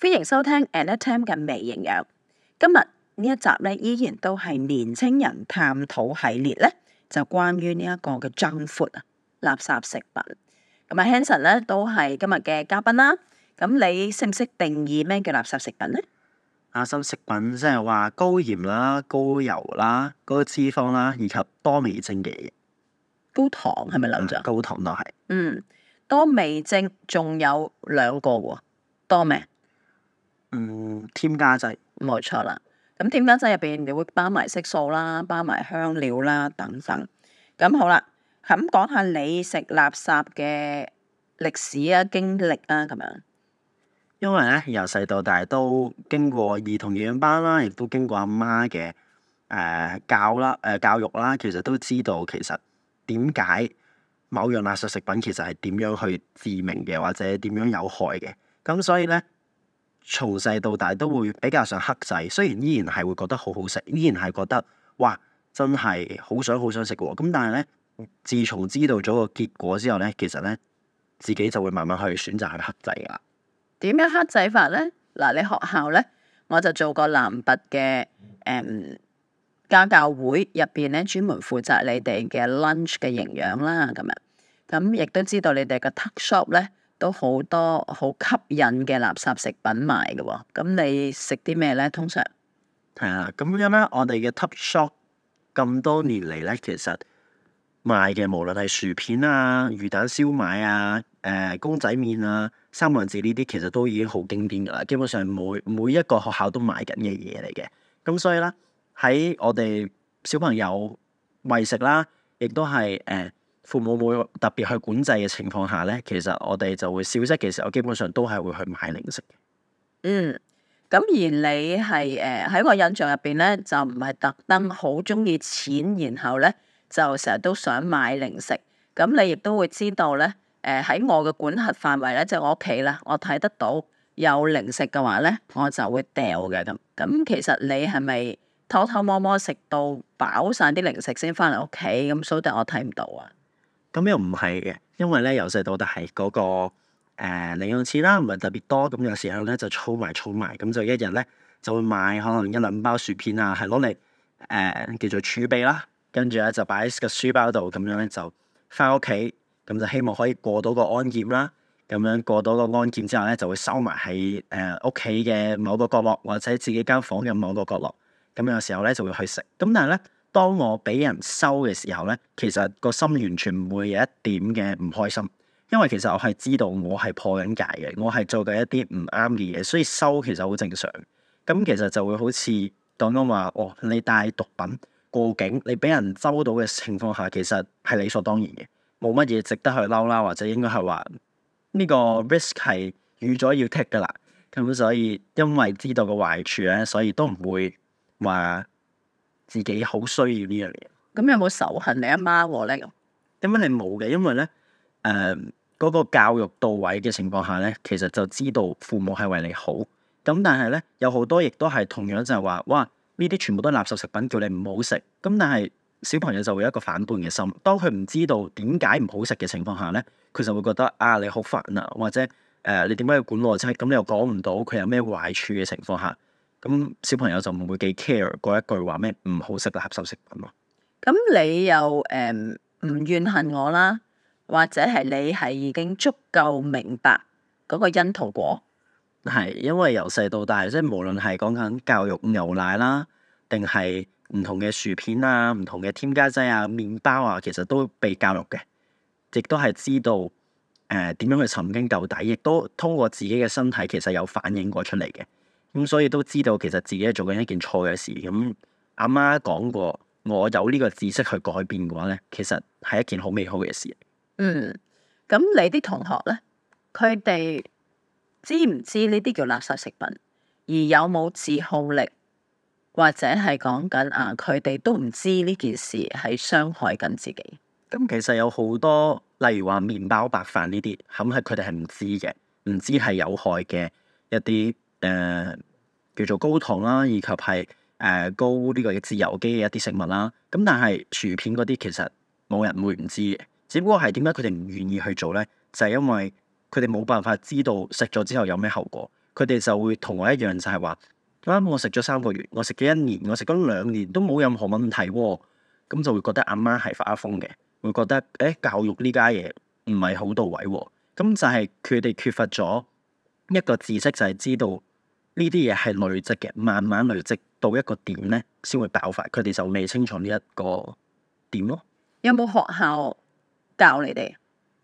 歡迎收聽 Annette Tam 嘅微營養。今日呢一集咧，依然都係年青人探討系列咧，就關於呢一個嘅 junk food，垃圾食品。咁啊，Hanson 咧都係今日嘅嘉賓啦。咁你識唔識定義咩叫垃圾食品咧？垃圾、啊、食品即係話高鹽啦、高油啦、高脂肪啦，以及多味精嘅嘢。高糖係咪嚟着？高糖都係。嗯，多味精仲有兩個喎，多咩？嗯，添加劑冇錯啦。咁添加劑入邊，你會包埋色素啦，包埋香料啦，等等。咁好啦，咁講下你食垃圾嘅歷史啊、經歷啊咁樣。是是因為咧，由細到大都經過兒童營養班啦，亦都經過阿媽嘅誒教啦、誒、呃、教育啦，其實都知道其實點解某樣垃圾食品其實係點樣去致命嘅，或者點樣有害嘅。咁所以咧。從細到大都會比較想剋制，雖然依然係會覺得好好食，依然係覺得哇真係好想好想食喎。咁但係咧，自從知道咗個結果之後咧，其實咧自己就會慢慢去選擇去剋制噶啦。點樣剋制法咧？嗱，你學校咧，我就做過南北嘅誒家教會入邊咧，專門負責你哋嘅 lunch 嘅營養啦，咁樣咁亦都知道你哋嘅 tuck shop 咧。都好多好吸引嘅垃圾食品賣嘅喎，咁你食啲咩咧？通常係啊，咁樣咧我哋嘅 Tuck Shop 咁多年嚟咧，其實賣嘅無論係薯片啊、魚蛋燒賣啊、誒、呃、公仔麪啊、三文治呢啲，其實都已經好經典㗎啦。基本上每每一個學校都賣緊嘅嘢嚟嘅，咁、啊、所以咧喺我哋小朋友餵食啦，亦都係誒。呃父母會特別去管制嘅情況下咧，其實我哋就會少啲。其實我基本上都係會去買零食。嗯，咁而你係誒喺我印象入邊咧，就唔係特登好中意錢，然後咧就成日都想買零食。咁你亦都會知道咧，誒、呃、喺我嘅管轄範圍咧，即係我屋企啦，我睇得到有零食嘅話咧，我就會掉嘅咁。咁其實你係咪偷偷摸摸食到飽晒啲零食先翻嚟屋企？咁所以我睇唔到啊！咁又唔係嘅，因為咧由細到大係嗰個誒零、呃、用錢啦，唔係特別多，咁、嗯、有時候咧就儲埋儲埋，咁、嗯、就一日咧就會買可能一兩包薯片啊，係攞嚟誒叫做儲備啦，跟住咧就擺喺個書包度，咁樣咧就翻屋企，咁就希望可以過到個安檢啦，咁樣過到個安檢之後咧就會收埋喺誒屋企嘅某個角落，或者自己間房嘅某個角落，咁有時候咧就會去食，咁但係咧。當我俾人收嘅時候咧，其實個心完全唔會有一點嘅唔開心，因為其實我係知道我係破緊戒嘅，我係做緊一啲唔啱嘅嘢，所以收其實好正常。咁其實就會好似剛剛話，哦，你帶毒品過境，你俾人收到嘅情況下，其實係理所當然嘅，冇乜嘢值得去嬲啦，或者應該係話呢個 risk 係預咗要 take 噶啦。咁所以因為知道個壞處咧，所以都唔會話。自己好需要呢樣嘢，咁有冇仇恨你阿媽咧？咁點解你冇嘅？因為咧，誒、呃，嗰、那個教育到位嘅情況下咧，其實就知道父母係為你好。咁但係咧，有好多亦都係同樣就係話，哇，呢啲全部都係垃圾食品，叫你唔好食。咁但係小朋友就會有一個反叛嘅心，當佢唔知道點解唔好食嘅情況下咧，佢就會覺得啊，你好煩啊，或者誒、呃，你點解要管我啫？咁你又講唔到佢有咩壞處嘅情況下。咁小朋友就唔會幾 care 嗰一句話咩唔好食嘅合手食品咯。咁你又誒唔、呃、怨恨我啦，或者係你係已經足夠明白嗰個因同果？係因為由細到大，即係無論係講緊教育牛奶啦，定係唔同嘅薯片啊、唔同嘅添加劑啊、麵包啊，其實都被教育嘅，亦都係知道誒點、呃、樣去尋根究底，亦都通過自己嘅身體其實有反映過出嚟嘅。咁、嗯、所以都知道，其實自己做緊一件錯嘅事。咁阿媽講過，我有呢個知識去改變嘅話，咧，其實，係一件好美好嘅事。嗯，咁你啲同學咧，佢哋知唔知呢啲叫垃圾食品？而有冇自控力，或者係講緊啊？佢哋都唔知呢件事係傷害緊自己。咁、嗯、其實有好多，例如話麵包、白飯呢啲，咁係佢哋係唔知嘅，唔知係有害嘅一啲。誒，叫做、呃、高糖啦，以及係誒、呃、高呢、呢個自由基嘅一啲食物啦。咁但係薯片嗰啲，其實冇人會唔知嘅。只不過係點解佢哋唔願意去做咧？就係、是、因為佢哋冇辦法知道食咗之後有咩後果。佢哋就會同我一樣，就係話啱我食咗三個月，我食咗一年，我食咗兩年都冇任何問題喎、哦。咁、嗯、就會覺得阿媽係發阿瘋嘅，會覺得誒教育呢家嘢唔係好到位、哦。咁、嗯、就係佢哋缺乏咗一個知識，就係知道。呢啲嘢係累積嘅，慢慢累積到一個點咧，先會爆發。佢哋就未清楚呢一個點咯。有冇學校教你哋？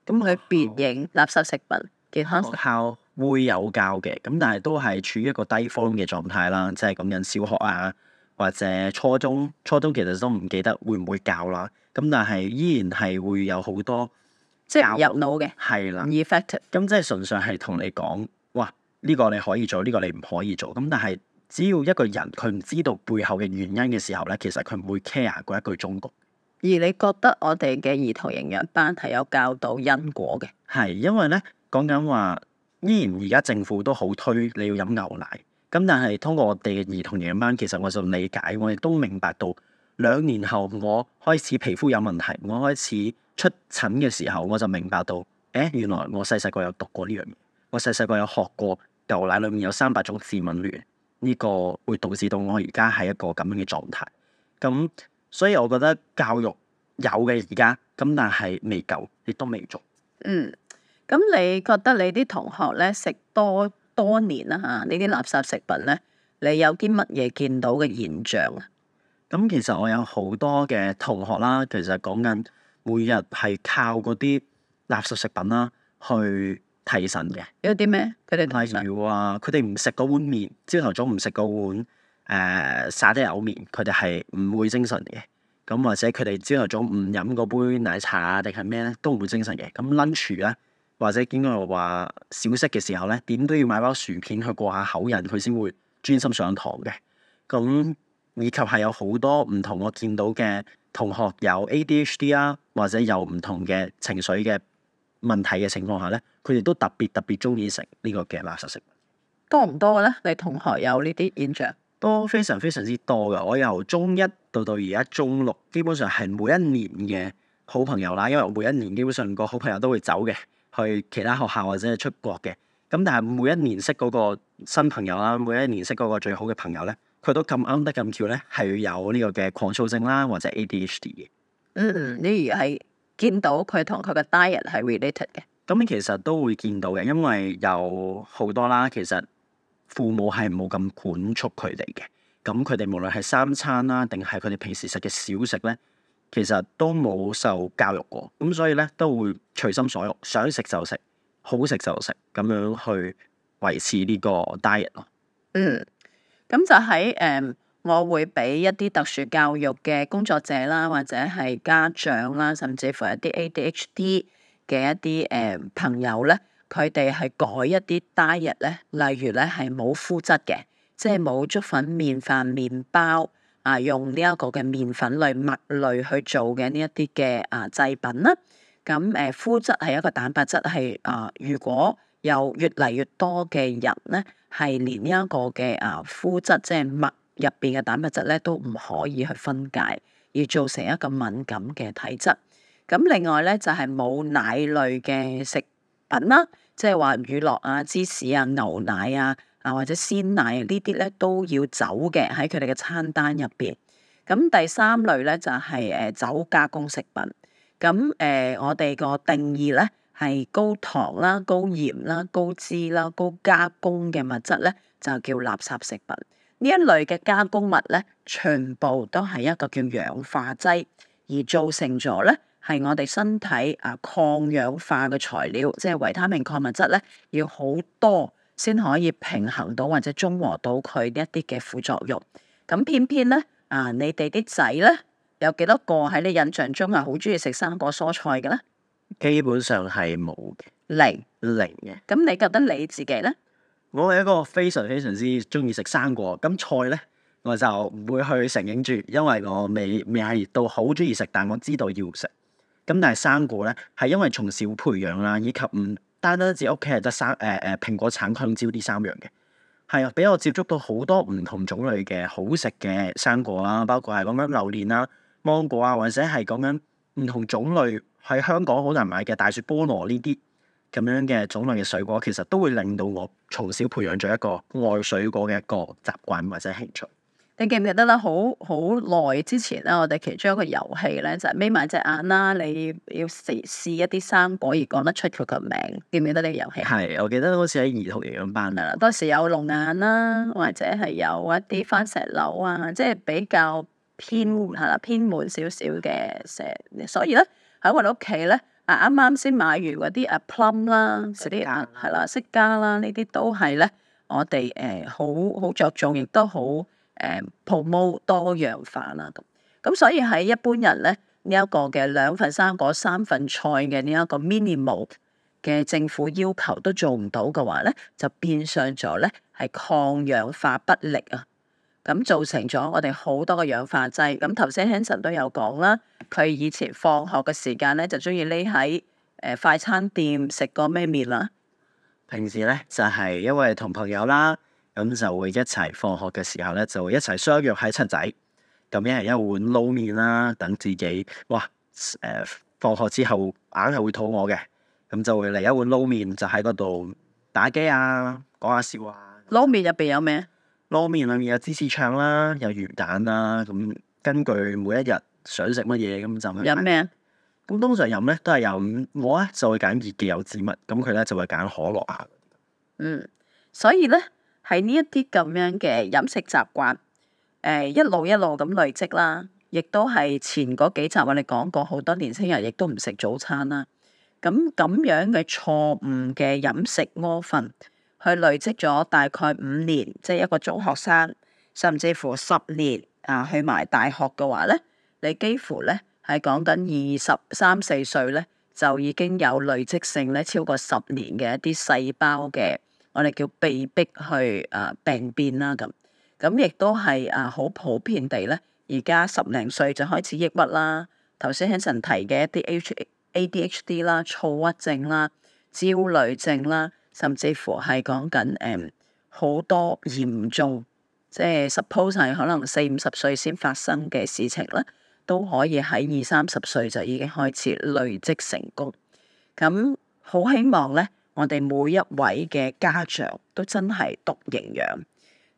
咁佢別認校垃圾食品健康學校會有教嘅，咁但係都係處於一個低峯嘅狀態啦，即係咁樣，小學啊，或者初中，初中其實都唔記得會唔會教啦。咁但係依然係會有好多即係入腦嘅，係啦了，effective。咁即係純粹係同你講。呢個你可以做，呢個你唔可以做。咁但係只要一個人佢唔知道背後嘅原因嘅時候咧，其實佢唔會 care 嗰一句忠告。而你覺得我哋嘅兒童營養班係有教導因果嘅？係，因為咧講緊話，依然而家政府都好推你要飲牛奶。咁但係通過我哋嘅兒童營養班，其實我就理解，我亦都明白到兩年後我開始皮膚有問題，我開始出診嘅時候，我就明白到，誒原來我細細個有讀過呢樣嘢，我細細個有學過。牛奶裏面有三百種致敏原，呢個會導致到我而家係一個咁樣嘅狀態。咁所以我覺得教育有嘅而家，咁但係未夠，亦都未足。嗯，咁你覺得你啲同學咧食多多年啦吓？呢啲垃圾食品咧，你有啲乜嘢見到嘅現象啊？咁其實我有好多嘅同學啦，其實講緊每日係靠嗰啲垃圾食品啦去。提神嘅有啲咩？佢哋例如話，佢哋唔食嗰碗麵，朝頭早唔食嗰碗誒沙爹牛麵，佢哋係唔會精神嘅。咁或者佢哋朝頭早唔飲嗰杯奶茶啊，定係咩咧，都唔會精神嘅。咁 lunch 咧，或者應該話小息嘅時候咧，點都要買包薯片去過下口癮，佢先會專心上堂嘅。咁以及係有好多唔同我見到嘅同學有 ADHD 啊，或者有唔同嘅情緒嘅問題嘅情況下咧，佢哋都特別特別中意食呢個嘅垃圾食物，多唔多咧？你同學有呢啲現象都非常非常之多㗎。我由中一到到而家中六，基本上係每一年嘅好朋友啦。因為我每一年基本上個好朋友都會走嘅，去其他學校或者係出國嘅。咁但係每一年識嗰個新朋友啦，每一年識嗰個最好嘅朋友咧，佢都咁啱得咁巧咧，係有呢個嘅狂躁症啦，或者 ADHD 嘅。嗯，你係。見到佢同佢嘅 diet 係 related 嘅，咁其實都會見到嘅，因為有好多啦。其實父母係冇咁管束佢哋嘅，咁佢哋無論係三餐啦，定係佢哋平時食嘅小食咧，其實都冇受教育過，咁所以咧都會隨心所欲，想食就食，好食就食，咁樣去維持呢個 diet 咯。嗯，咁就喺誒。我會俾一啲特殊教育嘅工作者啦，或者係家長啦，甚至乎一啲 ADHD 嘅一啲誒、呃、朋友咧，佢哋係改一啲 diet 咧，例如咧係冇麩質嘅，即係冇粥粉麵飯麵包啊，用呢一個嘅麵粉類麥類去做嘅呢一啲嘅啊製品啦。咁誒、呃、麩質係一個蛋白質係啊，如果有越嚟越多嘅人咧係連呢一個嘅啊麩質即係麥，入邊嘅蛋白質咧，都唔可以去分解，而造成一個敏感嘅體質。咁另外咧，就係、是、冇奶類嘅食品啦，即係話乳酪啊、芝士啊、牛奶啊啊或者鮮奶呢啲咧，都要走嘅喺佢哋嘅餐單入邊。咁第三類咧，就係、是、誒酒加工食品。咁誒、呃，我哋個定義咧係高糖啦、啊、高鹽啦、啊、高脂啦、啊、高加工嘅物質咧，就叫垃圾食品。呢一類嘅加工物咧，全部都係一個叫氧化劑，而造成咗咧，係我哋身體啊抗氧化嘅材料，即係維他命礦物質咧，要好多先可以平衡到或者中和到佢一啲嘅副作用。咁偏偏咧啊，你哋啲仔咧有幾多個喺你印象中啊，好中意食生果蔬菜嘅咧？基本上係冇嘅，零零嘅。咁的你覺得你自己咧？我係一個非常非常之中意食生果，咁菜咧我就唔會去成日煮，因為我未未係到好中意食，但我知道要食。咁但係生果咧，係因為從小培養啦，以及唔單單止屋企係得生誒誒、呃、蘋果、橙、香蕉呢三樣嘅，係啊，俾我接觸到好多唔同種類嘅好食嘅生果啦，包括係講緊榴蓮啦、芒果啊，或者係講緊唔同種類喺香港好難買嘅大雪菠蘿呢啲。咁樣嘅種類嘅水果，其實都會令到我從小培養咗一個愛水果嘅一個習慣或者興趣。你記唔記得啦？好好耐之前咧，我哋其中一個遊戲咧就係眯埋隻眼啦，你要試試一啲生果而講得出佢嘅名，記唔記得呢個遊戲？係，我記得好似喺兒童營養班啦，當時有龍眼啦，或者係有一啲番石榴啊，即係比較偏係啦，偏門少少嘅食。所以咧喺我哋屋企咧。啊！啱啱先買完嗰啲啊，plum 啦，食啲係啦，色加啦，呢啲都係咧，我哋誒好好着重，亦都好誒 promote 多樣化啦。咁咁所以喺一般人咧呢一個嘅兩份生果、三份菜嘅呢一個 minimal 嘅政府要求都做唔到嘅話咧，就變相咗咧係抗氧化不力啊！咁造成咗我哋好多嘅氧化劑。咁頭先 Hanson 都有講啦，佢以前放學嘅時間咧，就中意匿喺誒快餐店食個咩麵啦。平時咧就係因為同朋友啦，咁就會一齊放學嘅時候咧，就會一齊相約喺七仔，咁一人一碗撈麵啦，等自己哇誒、呃、放學之後硬係會肚餓嘅，咁就會嚟一碗撈麵就喺嗰度打機啊，講下笑啊。撈麵入邊有咩？多麵裏面有芝士腸啦，有魚蛋啦，咁根據每一日想食乜嘢，咁就飲咩？咁通常飲咧都係由我咧就會揀熱嘅柚子蜜，咁佢咧就會揀可樂啊。嗯，所以咧喺呢一啲咁樣嘅飲食習慣，誒一路一路咁累積啦，亦都係前嗰幾集我哋講過，好多年青人亦都唔食早餐啦。咁咁樣嘅錯誤嘅飲食屙瞓。佢累積咗大概五年，即係一個中學生，甚至乎十年啊，去埋大學嘅話咧，你幾乎咧係講緊二十、三四歲二十三四歲咧，就已經有累積性咧超過十年嘅一啲細胞嘅，我哋叫被迫去啊病變啦，咁，咁亦都係啊好普遍地咧，而家十零歲就開始抑鬱啦。頭先 Henry 提嘅一啲 H ADHD 啦、躁鬱症啦、焦慮症啦。甚至乎係講緊誒好多嚴重，即、就、係、是、suppose 係可能四五十歲先發生嘅事情咧，都可以喺二三十歲就已經開始累積成功。咁、嗯、好希望咧，我哋每一位嘅家長都真係讀營養，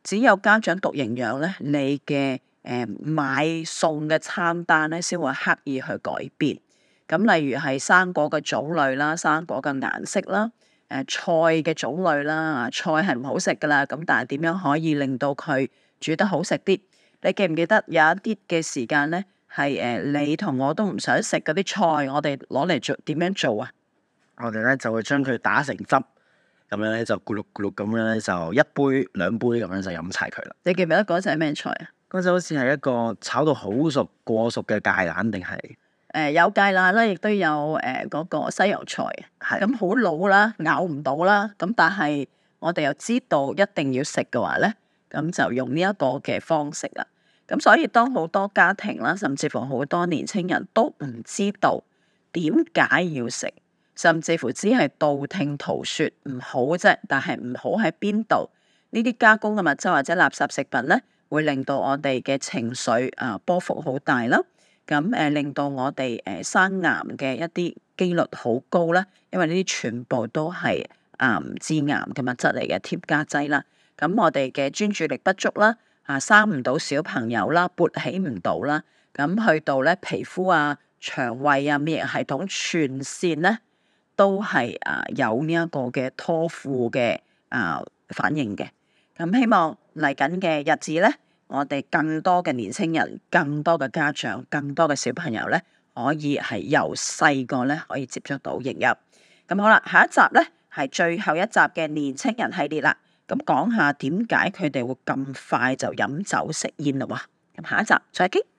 只有家長讀營養咧，你嘅誒、嗯、買餸嘅餐單咧，先會刻意去改變。咁、嗯、例如係生果嘅種類啦，生果嘅顏色啦。誒菜嘅種類啦，菜係唔好食噶啦，咁但係點樣可以令到佢煮得好食啲？你記唔記得有一啲嘅時間咧，係誒你同我都唔想食嗰啲菜，我哋攞嚟做點樣做啊？我哋咧就會將佢打成汁，咁樣咧就咕嚕咕嚕咁樣咧，就一杯兩杯咁樣就飲晒佢啦。你記唔記得嗰陣係咩菜啊？嗰陣好似係一個炒到好熟過熟嘅芥蘭定係？誒、呃、有芥辣啦，亦都有誒嗰、呃那個西洋菜，咁的、嗯、好老啦，咬唔到啦。咁、嗯、但係我哋又知道一定要食嘅話咧，咁、嗯、就用呢一個嘅方式啦。咁、嗯、所以當好多家庭啦，甚至乎好多年青人都唔知道點解要食，甚至乎只係道聽途說唔好啫。但係唔好喺邊度呢啲加工嘅物質或者垃圾食品咧，會令到我哋嘅情緒啊、呃、波幅好大啦。咁誒，令到我哋誒生癌嘅一啲機率好高啦，因為呢啲全部都係癌致癌嘅物質嚟嘅添加劑啦。咁我哋嘅專注力不足啦，啊生唔到小朋友啦，勃起唔到啦，咁去到咧皮膚啊、腸胃啊、免疫系統全線咧都係啊有呢一個嘅拖庫嘅啊反應嘅。咁希望嚟緊嘅日子咧～我哋更多嘅年青人、更多嘅家長、更多嘅小朋友咧，可以係由細個咧可以接觸到營養。咁好啦，下一集咧係最後一集嘅年青人系列啦。咁講下點解佢哋會咁快就飲酒食煙啦？喎！咁下一集再見。